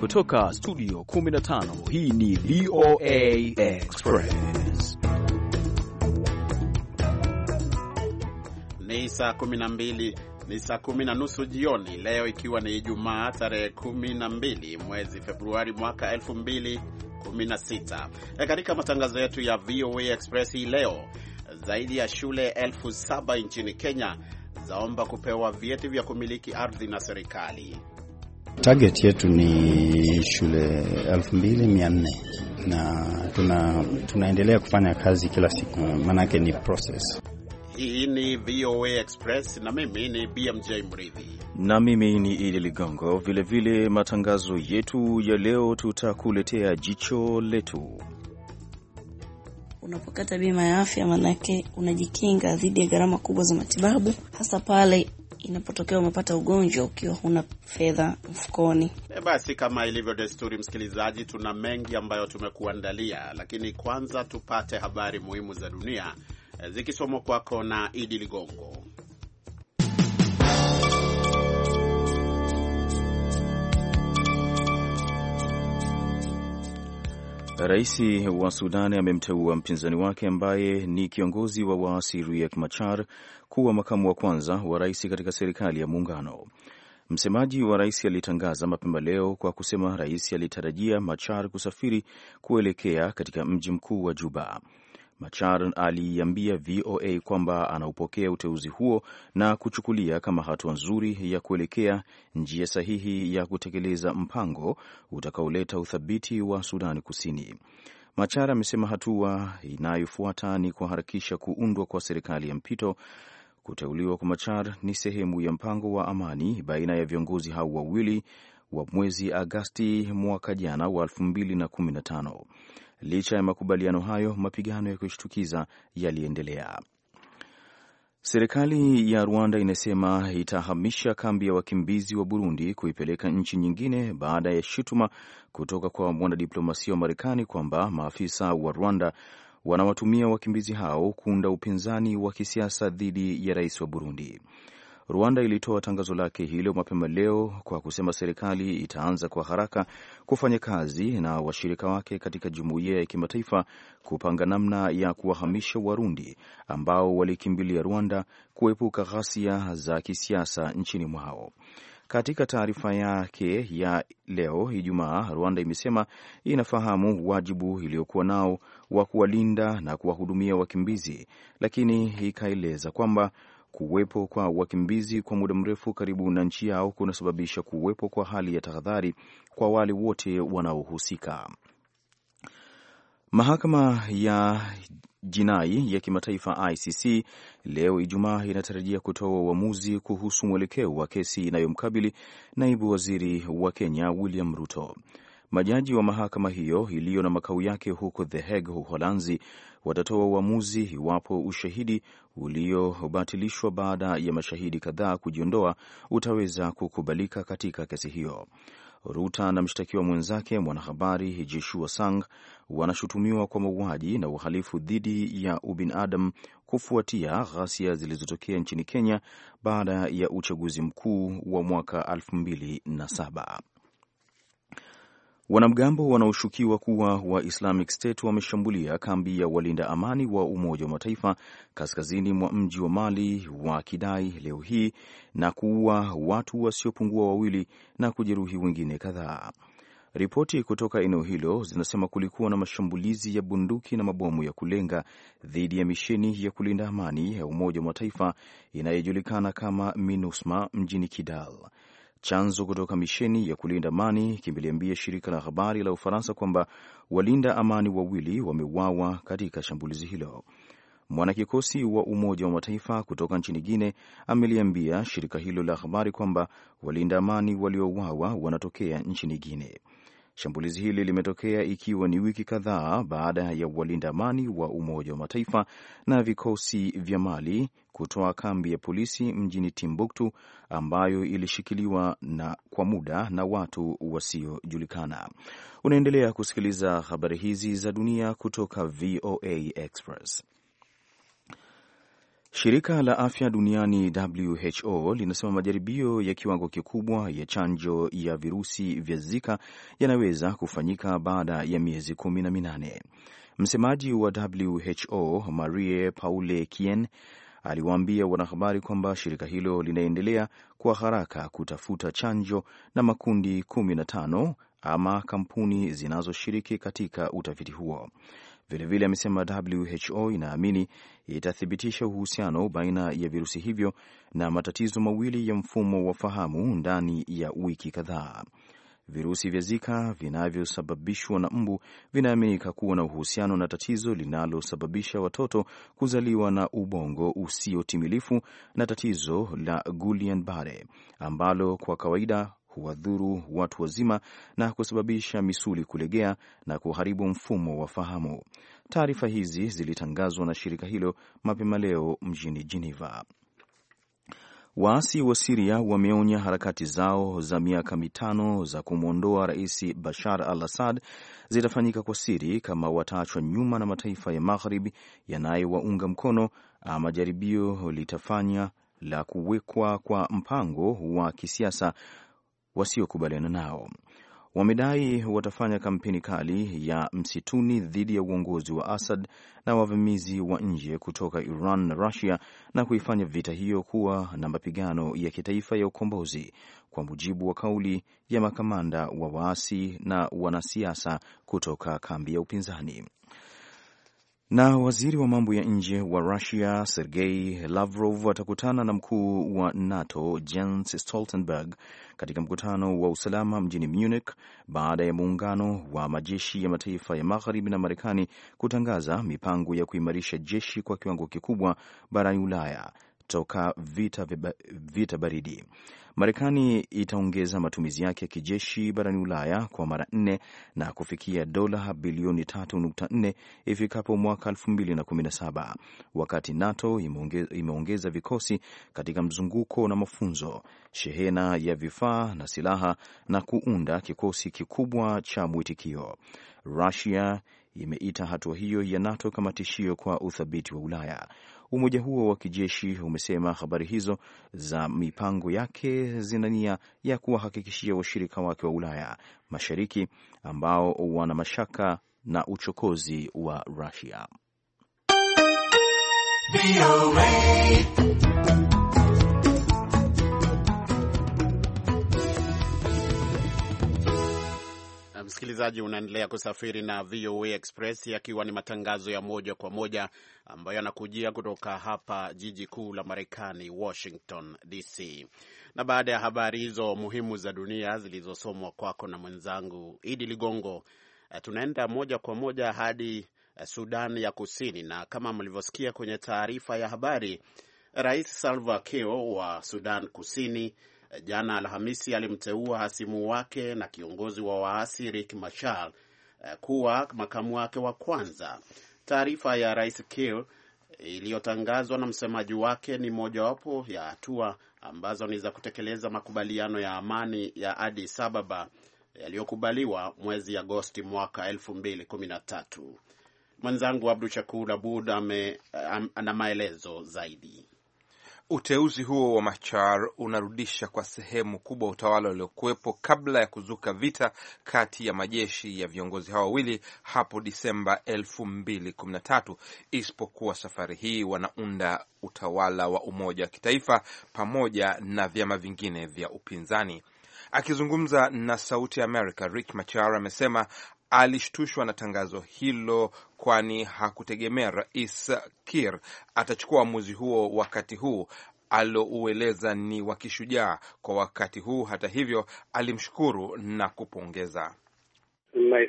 Kutoka studio 15 hii ni VOA Express. Ni saa 12 ni saa kumi na nusu jioni leo, ikiwa ni Ijumaa tarehe 12 mwezi Februari mwaka 2016. E, katika matangazo yetu ya VOA Express hii leo, zaidi ya shule elfu saba nchini Kenya zaomba kupewa vyeti vya kumiliki ardhi na serikali. Target yetu ni shule 2400 na tuna, tunaendelea kufanya kazi kila siku, maanake ni process. Hii ni VOA Express na mimi ni BMJ Mridhi na mimi ni Idi Ligongo. Vilevile matangazo yetu ya leo tutakuletea jicho letu. Unapokata bima ya afya, maanake unajikinga dhidi ya gharama kubwa za matibabu, hasa pale inapotokea umepata ugonjwa ukiwa huna fedha mfukoni. E, basi kama ilivyo desturi, msikilizaji, tuna mengi ambayo tumekuandalia, lakini kwanza tupate habari muhimu za dunia e, zikisomwa kwako na Idi Ligongo. Rais wa Sudan amemteua mpinzani wake ambaye ni kiongozi wa waasi Riek Machar kuwa makamu wa kwanza wa rais katika serikali ya muungano. Msemaji wa rais alitangaza mapema leo kwa kusema rais alitarajia Machar kusafiri kuelekea katika mji mkuu wa Juba. Machar aliiambia VOA kwamba anaupokea uteuzi huo na kuchukulia kama hatua nzuri ya kuelekea njia sahihi ya kutekeleza mpango utakaoleta uthabiti wa sudani Kusini. Machar amesema hatua inayofuata ni kuharakisha kuundwa kwa serikali ya mpito. Kuteuliwa kwa Machar ni sehemu ya mpango wa amani baina ya viongozi hao wawili wa mwezi Agasti mwaka jana wa 2015. Licha ya makubaliano hayo, mapigano ya kushtukiza yaliendelea. Serikali ya Rwanda inasema itahamisha kambi ya wakimbizi wa Burundi kuipeleka nchi nyingine baada ya shutuma kutoka kwa mwanadiplomasia wa Marekani kwamba maafisa wa Rwanda wanawatumia wakimbizi hao kuunda upinzani wa kisiasa dhidi ya rais wa Burundi. Rwanda ilitoa tangazo lake hilo mapema leo kwa kusema serikali itaanza kwa haraka kufanya kazi na washirika wake katika jumuiya ya kimataifa kupanga namna ya kuwahamisha Warundi ambao walikimbilia Rwanda kuepuka ghasia za kisiasa nchini mwao. Katika taarifa yake ya leo Ijumaa, Rwanda imesema inafahamu wajibu iliyokuwa nao wa kuwalinda na kuwahudumia wakimbizi, lakini ikaeleza kwamba Kuwepo kwa wakimbizi kwa muda mrefu karibu na nchi yao kunasababisha kuwepo kwa hali ya tahadhari kwa wale wote wanaohusika. Mahakama ya jinai ya kimataifa ICC leo Ijumaa inatarajia kutoa uamuzi kuhusu mwelekeo wa kesi inayomkabili naibu waziri wa Kenya William Ruto. Majaji wa mahakama hiyo iliyo na makao yake huko The Hague, Uholanzi, watatoa uamuzi iwapo ushahidi uliobatilishwa baada ya mashahidi kadhaa kujiondoa utaweza kukubalika katika kesi hiyo. Ruta na mshtakiwa mwenzake mwanahabari Jeshua Sang wanashutumiwa kwa mauaji na uhalifu dhidi ya ubinadamu kufuatia ghasia zilizotokea nchini Kenya baada ya uchaguzi mkuu wa mwaka 2007. Wanamgambo wanaoshukiwa kuwa wa Islamic State wameshambulia kambi ya walinda amani wa Umoja wa Mataifa kaskazini mwa mji wa Mali wa Kidai leo hii na kuua watu wasiopungua wawili na kujeruhi wengine kadhaa. Ripoti kutoka eneo hilo zinasema kulikuwa na mashambulizi ya bunduki na mabomu ya kulenga dhidi ya misheni ya kulinda amani ya Umoja wa Mataifa inayojulikana kama MINUSMA mjini Kidal. Chanzo kutoka misheni ya kulinda amani kimeliambia shirika la habari la Ufaransa kwamba walinda amani wawili wameuawa katika shambulizi hilo. Mwanakikosi wa Umoja wa Mataifa kutoka nchini Guine ameliambia shirika hilo la habari kwamba walinda amani waliouawa wanatokea nchini Guinea. Shambulizi hili limetokea ikiwa ni wiki kadhaa baada ya walinda amani wa Umoja wa Mataifa na vikosi vya Mali kutoa kambi ya polisi mjini Timbuktu ambayo ilishikiliwa na kwa muda na watu wasiojulikana. Unaendelea kusikiliza habari hizi za dunia kutoka VOA Express. Shirika la afya duniani WHO linasema majaribio ya kiwango kikubwa ya chanjo ya virusi vya Zika yanaweza kufanyika baada ya miezi kumi na minane. Msemaji wa WHO Marie Paule Kien aliwaambia wanahabari kwamba shirika hilo linaendelea kwa haraka kutafuta chanjo na makundi kumi na tano ama kampuni zinazoshiriki katika utafiti huo. Vilevile amesema WHO inaamini itathibitisha uhusiano baina ya virusi hivyo na matatizo mawili ya mfumo wa fahamu ndani ya wiki kadhaa. Virusi vya Zika vinavyosababishwa na mbu vinaaminika kuwa na uhusiano na tatizo linalosababisha watoto kuzaliwa na ubongo usiotimilifu na tatizo la Guillain Barre ambalo kwa kawaida huwadhuru watu wazima na kusababisha misuli kulegea na kuharibu mfumo wa fahamu. Taarifa hizi zilitangazwa na shirika hilo mapema leo mjini Geneva. Waasi wa Siria wameonya harakati zao za miaka mitano za kumwondoa rais Bashar al Assad zitafanyika kwa siri kama wataachwa nyuma na mataifa ya Magharibi yanayowaunga mkono, ama jaribio litafanya la kuwekwa kwa mpango wa kisiasa wasiokubaliana nao. Wamedai watafanya kampeni kali ya msituni dhidi ya uongozi wa Assad na wavamizi wa nje kutoka Iran na Russia na kuifanya vita hiyo kuwa na mapigano ya kitaifa ya ukombozi, kwa mujibu wa kauli ya makamanda wa waasi na wanasiasa kutoka kambi ya upinzani. Na waziri wa mambo ya nje wa Russia Sergei Lavrov atakutana na mkuu wa NATO Jens Stoltenberg katika mkutano wa usalama mjini Munich baada ya muungano wa majeshi ya mataifa ya magharibi na Marekani kutangaza mipango ya kuimarisha jeshi kwa kiwango kikubwa barani Ulaya toka vita, vita baridi. Marekani itaongeza matumizi yake ya kijeshi barani Ulaya kwa mara nne na kufikia dola bilioni 3.4 ifikapo mwaka 2017, wakati NATO imeongeza vikosi katika mzunguko na mafunzo, shehena ya vifaa na silaha na kuunda kikosi kikubwa cha mwitikio. Rusia imeita hatua hiyo ya NATO kama tishio kwa uthabiti wa Ulaya. Umoja huo wa kijeshi umesema habari hizo za mipango yake zina nia ya kuwahakikishia washirika wake wa Ulaya Mashariki ambao wana mashaka na uchokozi wa rasia Msikilizaji, unaendelea kusafiri na VOA Express yakiwa ni matangazo ya moja kwa moja ambayo yanakujia kutoka hapa jiji kuu la Marekani, Washington DC. Na baada ya habari hizo muhimu za dunia zilizosomwa kwako na mwenzangu Idi Ligongo, eh, tunaenda moja kwa moja hadi eh, Sudan ya Kusini, na kama mlivyosikia kwenye taarifa ya habari, Rais Salva Kiir wa Sudan Kusini jana Alhamisi alimteua hasimu wake na kiongozi wa waasi rik Machar eh, kuwa makamu wake wa kwanza. Taarifa ya rais Kiir iliyotangazwa na msemaji wake ni mojawapo ya hatua ambazo ni za kutekeleza makubaliano ya amani ya Addis Ababa yaliyokubaliwa mwezi Agosti mwaka 2013. Mwenzangu Abdu Shakur Abud eh, ana maelezo zaidi. Uteuzi huo wa Machar unarudisha kwa sehemu kubwa utawala uliokuwepo kabla ya kuzuka vita kati ya majeshi ya viongozi hao wawili hapo Disemba 2013, isipokuwa safari hii wanaunda utawala wa umoja wa kitaifa pamoja na vyama vingine vya upinzani. Akizungumza na Sauti ya Amerika, Rich Machar amesema alishtushwa na tangazo hilo, kwani hakutegemea Rais Kir atachukua uamuzi huo wakati huu aloueleza ni wa kishujaa kwa wakati huu. Hata hivyo, alimshukuru na kupongeza My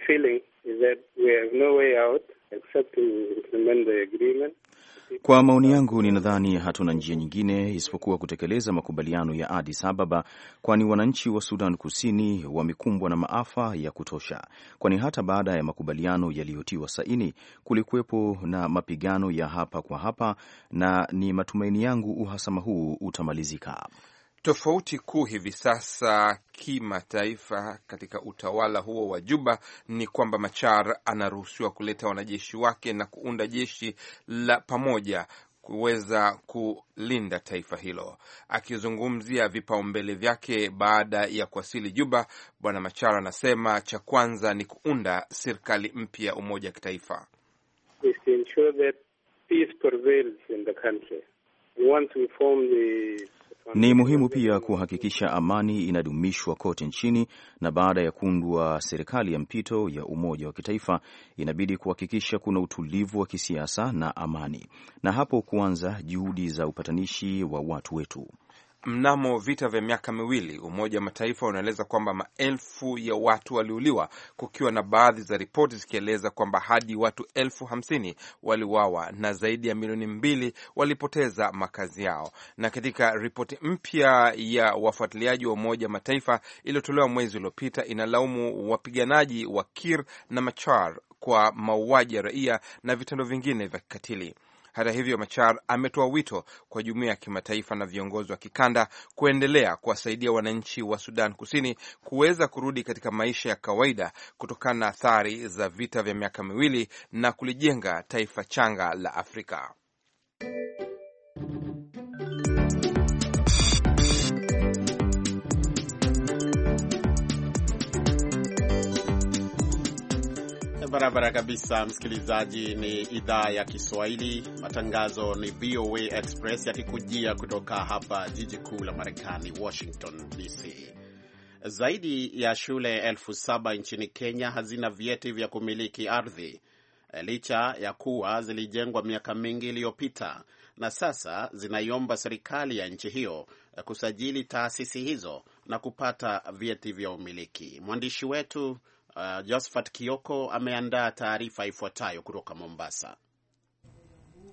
kwa maoni yangu, ninadhani hatuna njia nyingine isipokuwa kutekeleza makubaliano ya Addis Ababa, kwani wananchi wa Sudan Kusini wamekumbwa na maafa ya kutosha, kwani hata baada ya makubaliano yaliyotiwa saini kulikuwepo na mapigano ya hapa kwa hapa, na ni matumaini yangu uhasama huu utamalizika. Tofauti kuu hivi sasa kimataifa katika utawala huo wa Juba ni kwamba Machar anaruhusiwa kuleta wanajeshi wake na kuunda jeshi la pamoja kuweza kulinda taifa hilo. Akizungumzia vipaumbele vyake baada ya kuwasili Juba, Bwana Machar anasema cha kwanza ni kuunda serikali mpya ya umoja wa kitaifa. Once we form the ni muhimu pia kuhakikisha amani inadumishwa kote nchini, na baada ya kuundwa serikali ya mpito ya umoja wa kitaifa, inabidi kuhakikisha kuna utulivu wa kisiasa na amani, na hapo kuanza juhudi za upatanishi wa watu wetu. Mnamo vita vya miaka miwili, Umoja wa Mataifa unaeleza kwamba maelfu ya watu waliuliwa, kukiwa na baadhi za ripoti zikieleza kwamba hadi watu elfu hamsini waliuawa na zaidi ya milioni mbili walipoteza makazi yao. Na katika ripoti mpya ya wafuatiliaji wa Umoja wa Mataifa iliyotolewa mwezi uliopita, inalaumu wapiganaji wa Kir na Machar kwa mauaji ya raia na vitendo vingine vya kikatili. Hata hivyo, Machar ametoa wito kwa jumuiya ya kimataifa na viongozi wa kikanda kuendelea kuwasaidia wananchi wa Sudan Kusini kuweza kurudi katika maisha ya kawaida kutokana na athari za vita vya miaka miwili na kulijenga taifa changa la Afrika. Barabara kabisa, msikilizaji. Ni idhaa ya Kiswahili, matangazo ni VOA Express yakikujia kutoka hapa jiji kuu la Marekani, Washington DC. Zaidi ya shule elfu saba nchini Kenya hazina vyeti vya kumiliki ardhi licha ya kuwa zilijengwa miaka mingi iliyopita, na sasa zinaiomba serikali ya nchi hiyo kusajili taasisi hizo na kupata vyeti vya umiliki. Mwandishi wetu Uh, Josephat Kioko ameandaa taarifa ifuatayo kutoka Mombasa.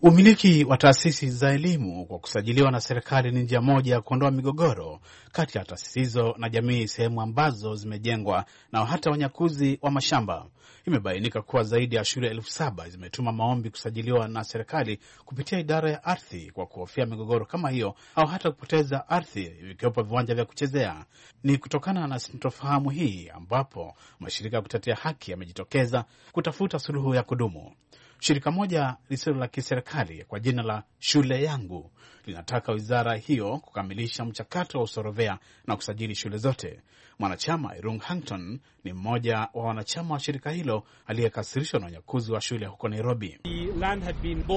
Umiliki wa taasisi za elimu kwa kusajiliwa na serikali ni njia moja ya kuondoa migogoro kati ya taasisi hizo na jamii sehemu ambazo zimejengwa na hata wanyakuzi wa mashamba. Imebainika kuwa zaidi ya shule elfu saba zimetuma maombi kusajiliwa na serikali kupitia idara ya ardhi kwa kuhofia migogoro kama hiyo au hata kupoteza ardhi, vikiwepo viwanja vya kuchezea. Ni kutokana na sintofahamu hii ambapo mashirika ya kutetea haki yamejitokeza kutafuta suluhu ya kudumu. Shirika moja lisilo la kiserikali kwa jina la Shule Yangu linataka wizara hiyo kukamilisha mchakato wa usorovea na kusajili shule zote. Mwanachama Irung Hangton ni mmoja wa wanachama wa shirika hilo aliyekasirishwa na unyakuzi wa shule huko Nairobi. Uh,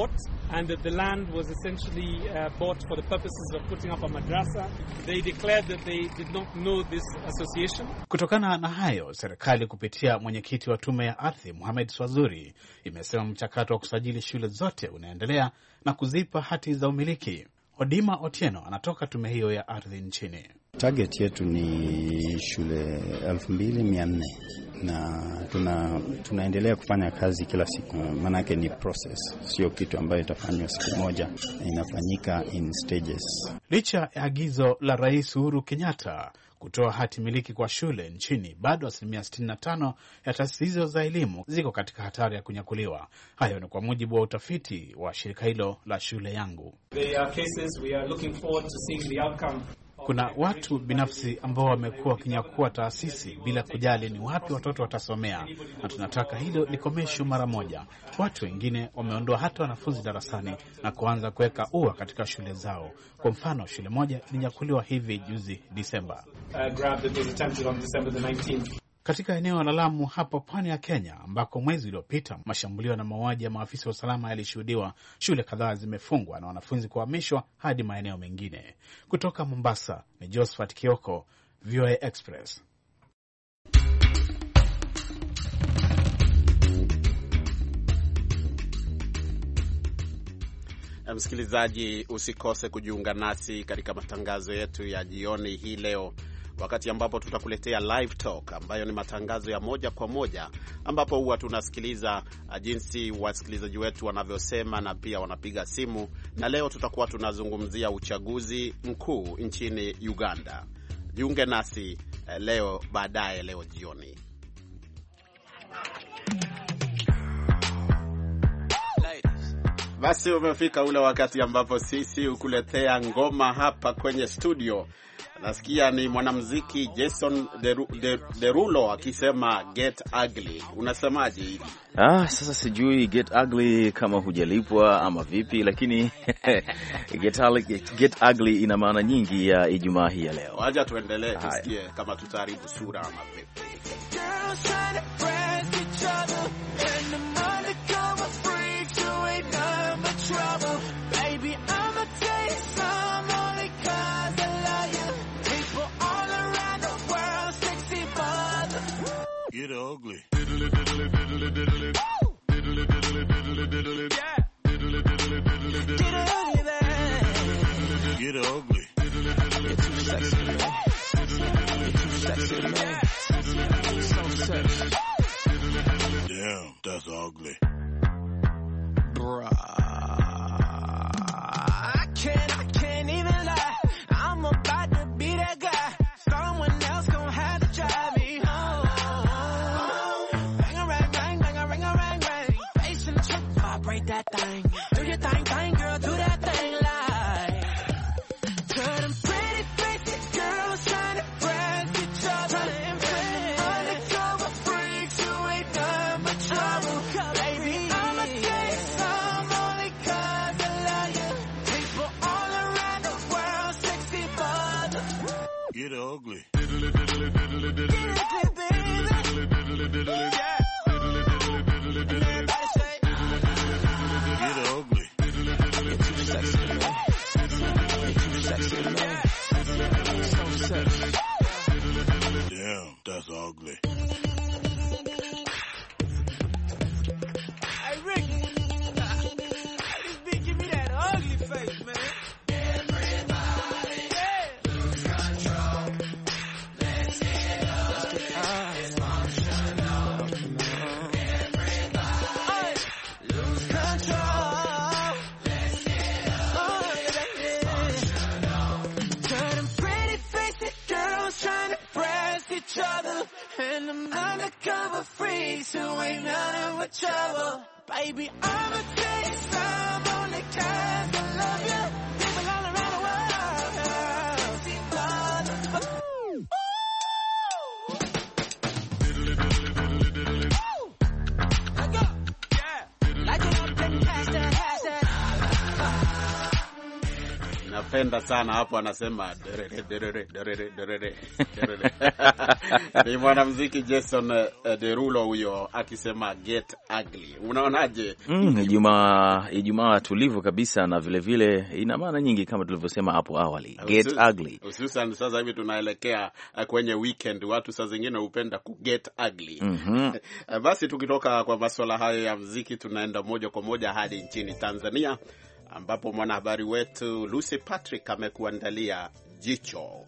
Kutokana na hayo, serikali kupitia mwenyekiti wa tume ya ardhi Muhamed Swazuri imesema mchakato wa kusajili shule zote unaendelea na kuzipa hati za umiliki. Odima Otieno anatoka tume hiyo ya ardhi nchini. Target yetu ni shule elfu mbili mia nne na tuna, tunaendelea kufanya kazi kila siku, maanake ni process, sio kitu ambayo itafanywa siku moja, inafanyika in stages. Licha ya agizo la Rais Uhuru Kenyatta kutoa hati miliki kwa shule nchini, bado asilimia 65 ya taasisi hizo za elimu ziko katika hatari ya kunyakuliwa. Hayo ni kwa mujibu wa utafiti wa shirika hilo la Shule Yangu. Kuna watu binafsi ambao wamekuwa wakinyakua taasisi bila kujali ni wapi watoto watasomea, na tunataka hilo likomeshwe mara moja. Watu wengine wameondoa hata wanafunzi darasani na kuanza kuweka ua katika shule zao. Kwa mfano, shule moja ilinyakuliwa hivi juzi Disemba. Uh, katika eneo la Lamu hapa pwani ya Kenya, ambako mwezi uliopita mashambulio na mauaji ya maafisa wa usalama yalishuhudiwa. Shule kadhaa zimefungwa na wanafunzi kuhamishwa hadi maeneo mengine. Kutoka Mombasa ni Josephat Kioko, VOA Express. Msikilizaji, usikose kujiunga nasi katika matangazo yetu ya jioni hii leo wakati ambapo tutakuletea live talk ambayo ni matangazo ya moja kwa moja ambapo huwa tunasikiliza uh, jinsi wasikilizaji wetu wanavyosema na pia wanapiga simu, na leo tutakuwa tunazungumzia uchaguzi mkuu nchini Uganda. Jiunge nasi uh, leo baadaye leo jioni. Basi umefika ule wakati ambapo sisi hukuletea ngoma hapa kwenye studio Nasikia ni mwanamuziki Jason Deru, Deru, Derulo akisema get ugly. Unasemaje hivi? Ah, sasa sijui get ugly kama hujalipwa ama vipi, lakini get get, ugly ina maana nyingi ya Ijumaa hii ya leo. Wacha tuendelee tusikie kama tutaharibu sura ama vipi. undercover freaks who ain't none of a trouble. Baby, I'm a crazy, I'm on the couch. anapenda sana hapo, anasema Ni mwanamuziki Jason eh, Derulo huyo akisema get ugly. Unaonaje? Mm, Ijumaa tulivu kabisa, na vilevile ina maana nyingi kama tulivyosema hapo awali, get Usu, ugly, hususan sasa hivi tunaelekea eh, kwenye weekend, watu saa zingine hupenda ku get ugly mm -hmm. Basi tukitoka kwa maswala hayo ya mziki, tunaenda moja kwa moja hadi nchini Tanzania ambapo mwanahabari wetu Lucy Patrick amekuandalia jicho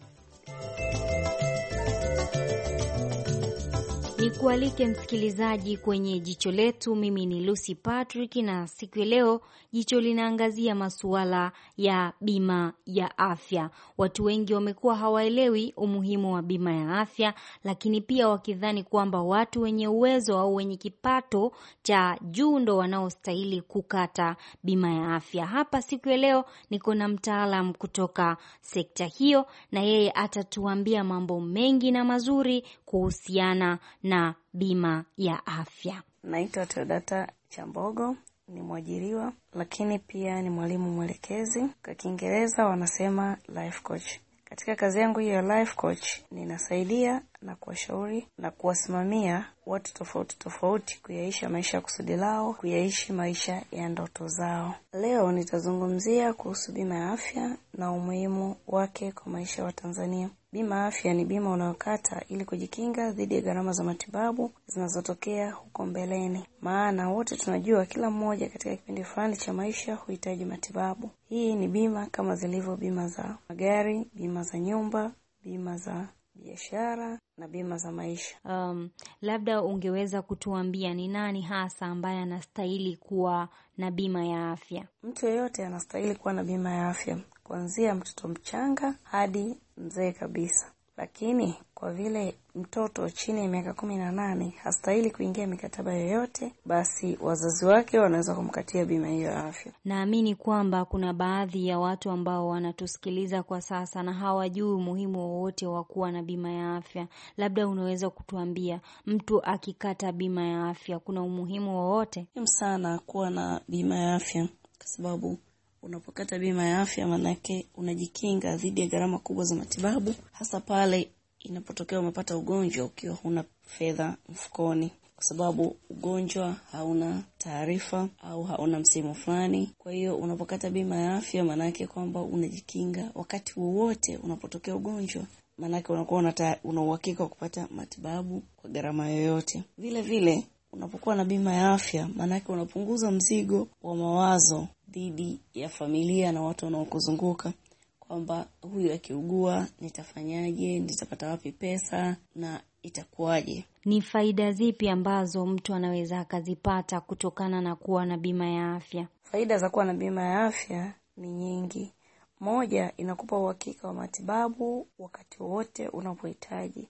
Nikualike msikilizaji kwenye jicho letu. Mimi ni Lucy Patrick na siku ya leo jicho linaangazia masuala ya bima ya afya. Watu wengi wamekuwa hawaelewi umuhimu wa bima ya afya, lakini pia wakidhani kwamba watu wenye uwezo au wenye kipato cha juu ndo wanaostahili kukata bima ya afya. Hapa siku ya leo niko na mtaalam kutoka sekta hiyo, na yeye atatuambia mambo mengi na mazuri kuhusiana na bima ya afya. Naitwa Teodata Chambogo, ni mwajiriwa lakini pia ni mwalimu mwelekezi. Kwa Kiingereza wanasema life coach. Katika kazi yangu hiyo ya life coach, ninasaidia na kuwashauri na kuwasimamia watu tofauti tofauti kuyaishi maisha ya kusudi lao, kuyaishi maisha ya ndoto zao. Leo nitazungumzia kuhusu bima ya afya na umuhimu wake kwa maisha ya Watanzania. Bima afya ni bima unayokata ili kujikinga dhidi ya gharama za matibabu zinazotokea huko mbeleni, maana wote tunajua kila mmoja katika kipindi fulani cha maisha huhitaji matibabu. Hii ni bima kama zilivyo bima za magari, bima za nyumba, bima za biashara na bima za maisha. Um, labda ungeweza kutuambia ni nani hasa ambaye anastahili kuwa na bima ya afya? Mtu yeyote anastahili kuwa na bima ya afya kuanzia mtoto mchanga hadi mzee kabisa. Lakini kwa vile mtoto chini ya miaka kumi na nane hastahili kuingia mikataba yoyote, basi wazazi wake wanaweza kumkatia bima hiyo ya afya. Naamini kwamba kuna baadhi ya watu ambao wanatusikiliza kwa sasa na hawajui umuhimu wowote wa kuwa na bima ya afya. Labda unaweza kutuambia, mtu akikata bima ya afya kuna umuhimu wowote? Muhimu sana kuwa na bima ya afya kwa sababu unapokata bima ya afya, maanake unajikinga dhidi ya gharama kubwa za matibabu, hasa pale inapotokea umepata ugonjwa ukiwa huna fedha mfukoni, kwa sababu ugonjwa hauna taarifa au hauna msimu fulani. Kwa hiyo unapokata bima ya afya, maanake kwamba unajikinga wakati wowote unapotokea ugonjwa maanake unakuwa una uhakika wa kupata matibabu kwa gharama yoyote. Vile vile unapokuwa na bima ya afya, maanake unapunguza mzigo wa mawazo dhidi ya familia na watu wanaokuzunguka kwamba huyu akiugua nitafanyaje, nitapata wapi pesa na itakuwaje? Ni faida zipi ambazo mtu anaweza akazipata kutokana na kuwa na bima ya afya? Faida za kuwa na bima ya afya ni nyingi. Moja, inakupa uhakika wa matibabu wakati wote unapohitaji.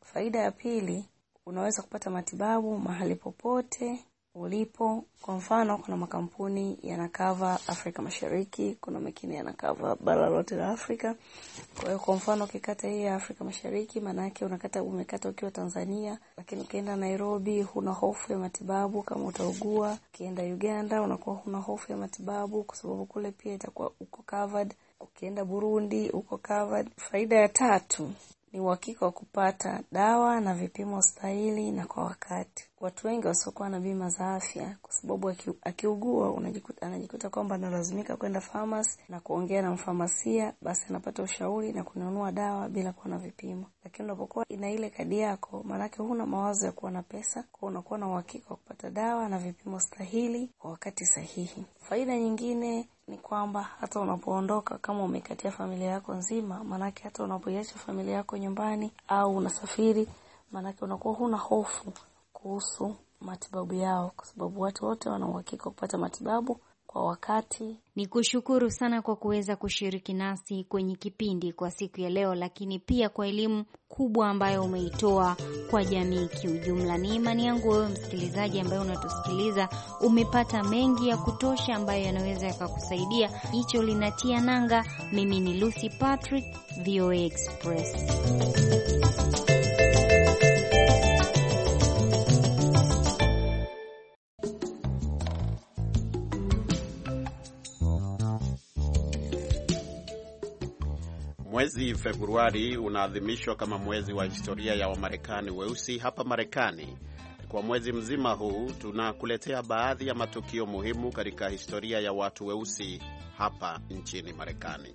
Faida ya pili, unaweza kupata matibabu mahali popote ulipo. Kwa mfano, kuna makampuni yanakava Afrika Mashariki, kuna mengine yanakava bara lote la Afrika. Kwa hiyo kwa mfano, ukikata hii ya Afrika Mashariki, maana yake unakata umekata ukiwa Tanzania, lakini ukienda Nairobi huna hofu ya matibabu kama utaugua. Ukienda Uganda unakuwa huna hofu ya matibabu kwa sababu kule pia itakuwa uko covered. Ukienda Burundi uko covered. Faida ya tatu ni uhakika wa kupata dawa na vipimo stahili na kwa wakati. Watu wengi wasiokuwa na bima za afya, kwa sababu akiugua anajikuta kwamba analazimika kwenda famasi na kuongea na mfamasia, basi anapata ushauri na kununua dawa bila kuwa na vipimo. Lakini unapokuwa ina ile kadi yako, maanake huna mawazo ya kuwa na pesa, kwa unakuwa na uhakika wa kupata dawa na vipimo stahili kwa wakati sahihi. Faida nyingine ni kwamba hata unapoondoka kama umeikatia familia yako nzima, maanake hata unapoiacha familia yako nyumbani au unasafiri, maanake unakuwa huna hofu kuhusu matibabu yao, kwa sababu watu wote wanauhakika kupata matibabu kwa wakati. Ni kushukuru sana kwa kuweza kushiriki nasi kwenye kipindi kwa siku ya leo, lakini pia kwa elimu kubwa ambayo umeitoa kwa jamii kiujumla. Ni imani yangu wewe msikilizaji ambaye unatusikiliza umepata mengi ya kutosha ambayo yanaweza yakakusaidia. Hicho linatia nanga. Mimi ni Lucy Patrick, VOA Express. Mwezi Februari unaadhimishwa kama mwezi wa historia ya Wamarekani weusi hapa Marekani. Kwa mwezi mzima huu tunakuletea baadhi ya matukio muhimu katika historia ya watu weusi hapa nchini Marekani.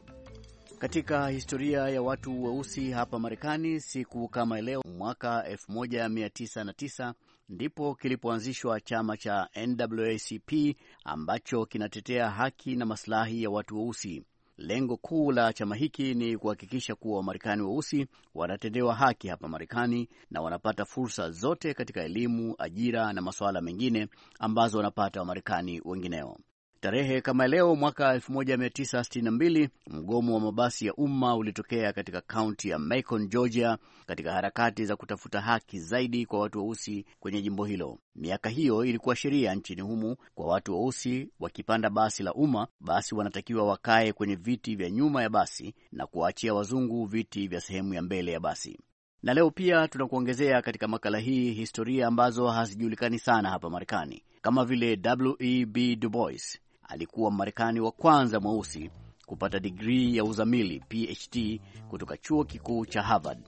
Katika historia ya watu weusi hapa Marekani, siku kama leo mwaka 1909 ndipo kilipoanzishwa chama cha NAACP ambacho kinatetea haki na masilahi ya watu weusi. Lengo kuu la chama hiki ni kuhakikisha kuwa Wamarekani weusi wa wanatendewa haki hapa Marekani na wanapata fursa zote katika elimu, ajira na masuala mengine ambazo wanapata Wamarekani wengineo. Tarehe kama leo mwaka 1962 mgomo wa mabasi ya umma ulitokea katika kaunti ya Macon, Georgia, katika harakati za kutafuta haki zaidi kwa watu weusi kwenye jimbo hilo. Miaka hiyo ilikuwa sheria nchini humu kwa watu weusi wakipanda basi la umma, basi wanatakiwa wakae kwenye viti vya nyuma ya basi na kuwaachia wazungu viti vya sehemu ya mbele ya basi. Na leo pia tunakuongezea katika makala hii historia ambazo hazijulikani sana hapa Marekani, kama vile W. E du Bois alikuwa marekani wa kwanza mweusi kupata digrii ya uzamili PhD kutoka chuo kikuu cha Harvard,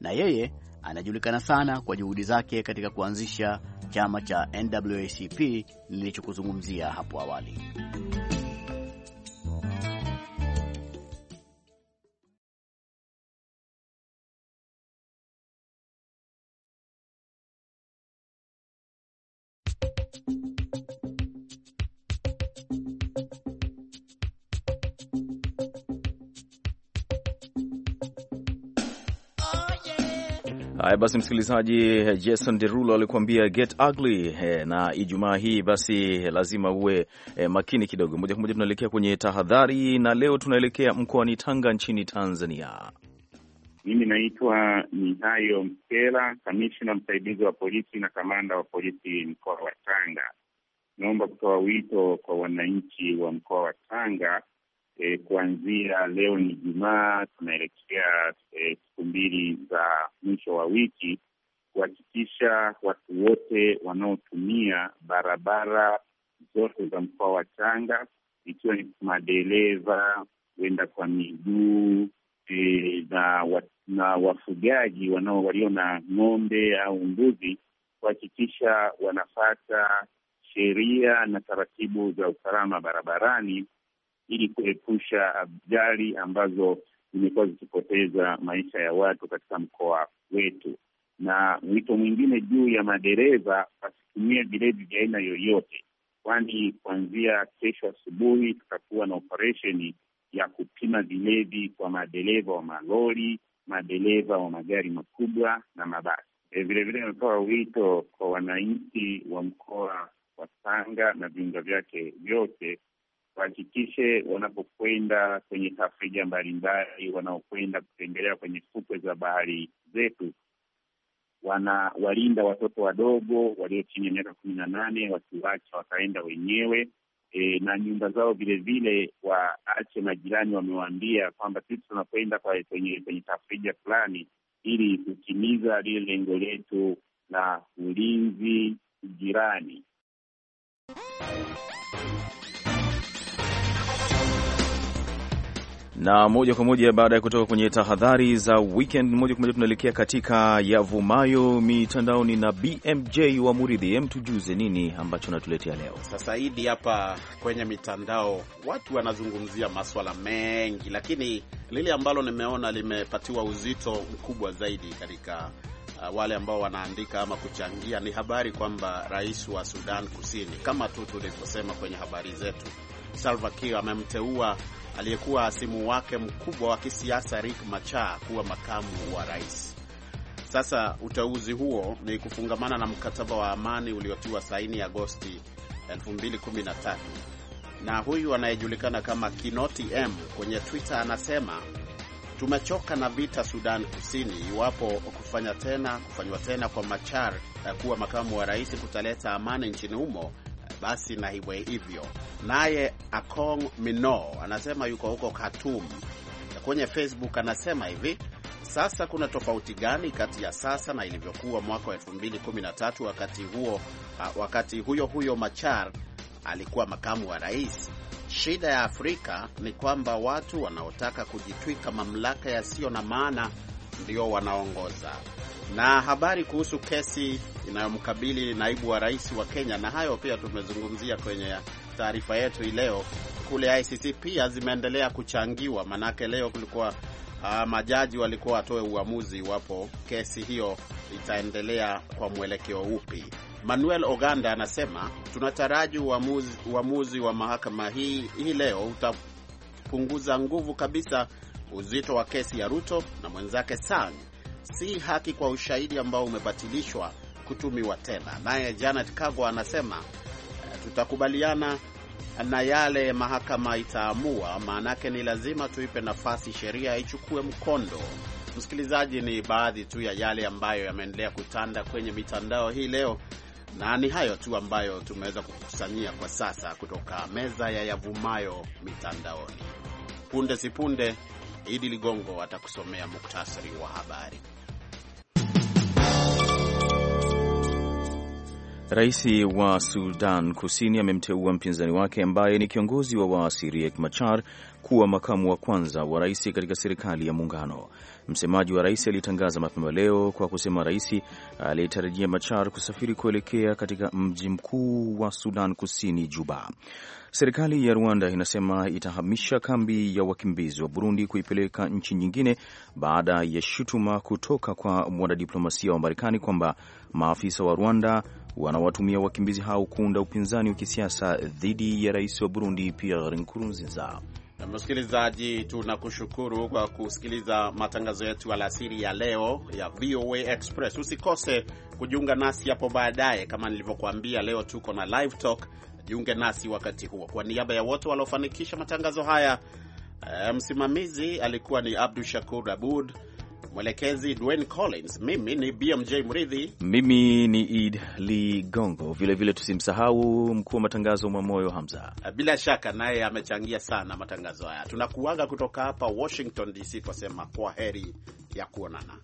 na yeye anajulikana sana kwa juhudi zake katika kuanzisha chama cha NAACP nilichokuzungumzia hapo awali. Haya basi, msikilizaji, Jason Derulo alikuambia get ugly, na Ijumaa hii basi lazima uwe e, makini kidogo. Moja kwa moja tunaelekea kwenye tahadhari, na leo tunaelekea mkoani Tanga nchini Tanzania. Mimi naitwa Mihayo Mkela, kamishna msaidizi wa polisi na kamanda wa polisi mkoa wa Tanga. Naomba kutoa wito kwa wananchi wa mkoa wa Tanga E, kuanzia leo ni Jumaa, tunaelekea e, siku e, mbili za mwisho wa wiki kuhakikisha watu wote wanaotumia barabara zote za mkoa wa Tanga ikiwa ni madereva, kuenda kwa miguu e, na, wa, na wafugaji wanao walio na ng'ombe au mbuzi kuhakikisha wanafata sheria na taratibu za usalama barabarani ili kuepusha uh, ajali ambazo zimekuwa zikipoteza maisha ya watu katika mkoa wetu. Na wito mwingine juu ya madereva, wasitumie vilevi vya aina yoyote, kwani kuanzia kesho asubuhi tutakuwa na operesheni ya kupima vilevi kwa madereva wa malori, madereva wa magari makubwa na mabasi. Vilevile ametoa wito kwa wananchi wa mkoa wa Tanga na viunga vyake vyote wahakikishe wanapokwenda kwenye tafrija mbalimbali, wanaokwenda kutembelea kwenye fukwe za bahari zetu, wanawalinda watoto wadogo walio chini ya miaka kumi na nane, wakiwacha wakaenda wenyewe. E, na nyumba zao vilevile waache majirani wamewaambia kwamba sisi tunakwenda kwa kwenye kwenye tafrija fulani, ili kutimiza lile lengo letu la ulinzi jirani. na moja kwa moja baada ya kutoka kwenye tahadhari za weekend, moja kwa moja tunaelekea katika yavumayo mitandaoni na BMJ wa Muridhi. Em, tujuze nini ambacho natuletea leo? Sasa hivi hapa kwenye mitandao watu wanazungumzia maswala mengi, lakini lile ambalo nimeona limepatiwa uzito mkubwa zaidi katika uh, wale ambao wanaandika ama kuchangia ni habari kwamba rais wa Sudan Kusini, kama tu tulivyosema kwenye habari zetu, Salva Kiir amemteua aliyekuwa simu wake mkubwa wa kisiasa Riek Machar kuwa makamu wa rais. Sasa uteuzi huo ni kufungamana na mkataba wa amani uliotiwa saini Agosti 2013 na huyu anayejulikana kama Kinoti M kwenye Twitter anasema tumechoka na vita Sudan Kusini. Iwapo kufanya tena kufanywa tena kwa Machar eh, kuwa makamu wa rais kutaleta amani nchini humo, basi na iwe hivyo. Naye Akong Mino anasema yuko huko Khartoum. Kwenye Facebook anasema hivi sasa kuna tofauti gani kati ya sasa na ilivyokuwa mwaka wa 2013 wakati huo, ah, wakati huyo huyo Machar alikuwa makamu wa rais? Shida ya Afrika ni kwamba watu wanaotaka kujitwika mamlaka yasiyo na maana ndio wanaongoza na habari kuhusu kesi inayomkabili naibu wa rais wa Kenya, na hayo pia tumezungumzia kwenye taarifa yetu hii leo. Kule ICC pia zimeendelea kuchangiwa, manake leo kulikuwa uh, majaji walikuwa watoe uamuzi iwapo kesi hiyo itaendelea kwa mwelekeo upi. Manuel Oganda anasema tunataraji uamuzi, uamuzi wa mahakama hii hii leo utapunguza nguvu kabisa uzito wa kesi ya Ruto na mwenzake Sang si haki kwa ushahidi ambao umebatilishwa kutumiwa tena. Naye Janet Kagwa anasema eh, tutakubaliana na yale mahakama itaamua, maanake ni lazima tuipe nafasi sheria ichukue mkondo. Msikilizaji, ni baadhi tu ya yale ambayo yameendelea kutanda kwenye mitandao hii leo, na ni hayo tu ambayo tumeweza kukusanyia kwa sasa kutoka meza ya yavumayo mitandaoni. Punde sipunde, Idi Ligongo atakusomea muktasari wa habari. Rais wa Sudan Kusini amemteua mpinzani wake ambaye ni kiongozi wa waasi Riek Machar kuwa makamu wa kwanza wa rais katika serikali ya muungano. Msemaji wa rais alitangaza mapema leo kwa kusema rais aliyetarajia Machar kusafiri kuelekea katika mji mkuu wa Sudan Kusini, Juba. Serikali ya Rwanda inasema itahamisha kambi ya wakimbizi wa Burundi kuipeleka nchi nyingine baada ya shutuma kutoka kwa mwanadiplomasia wa Marekani kwamba maafisa wa Rwanda wanawatumia wakimbizi hao kuunda upinzani wa kisiasa dhidi ya rais wa Burundi Pierre Nkurunziza. Msikilizaji, tunakushukuru kwa kusikiliza matangazo yetu alasiri ya leo ya VOA Express. Usikose kujiunga nasi hapo baadaye, kama nilivyokuambia, leo tuko na live talk. Jiunge nasi wakati huo. Kwa niaba ya wote waliofanikisha matangazo haya, eh, msimamizi alikuwa ni Abdu Shakur Abud mwelekezi Dwayne Collins, mimi ni BMJ Mridhi, mimi ni Id Ligongo, vilevile tusimsahau mkuu wa matangazo Mwamoyo Hamza, eh, bila shaka naye amechangia sana matangazo haya. Tunakuaga kutoka hapa Washington DC, twasema kwa heri ya kuonana.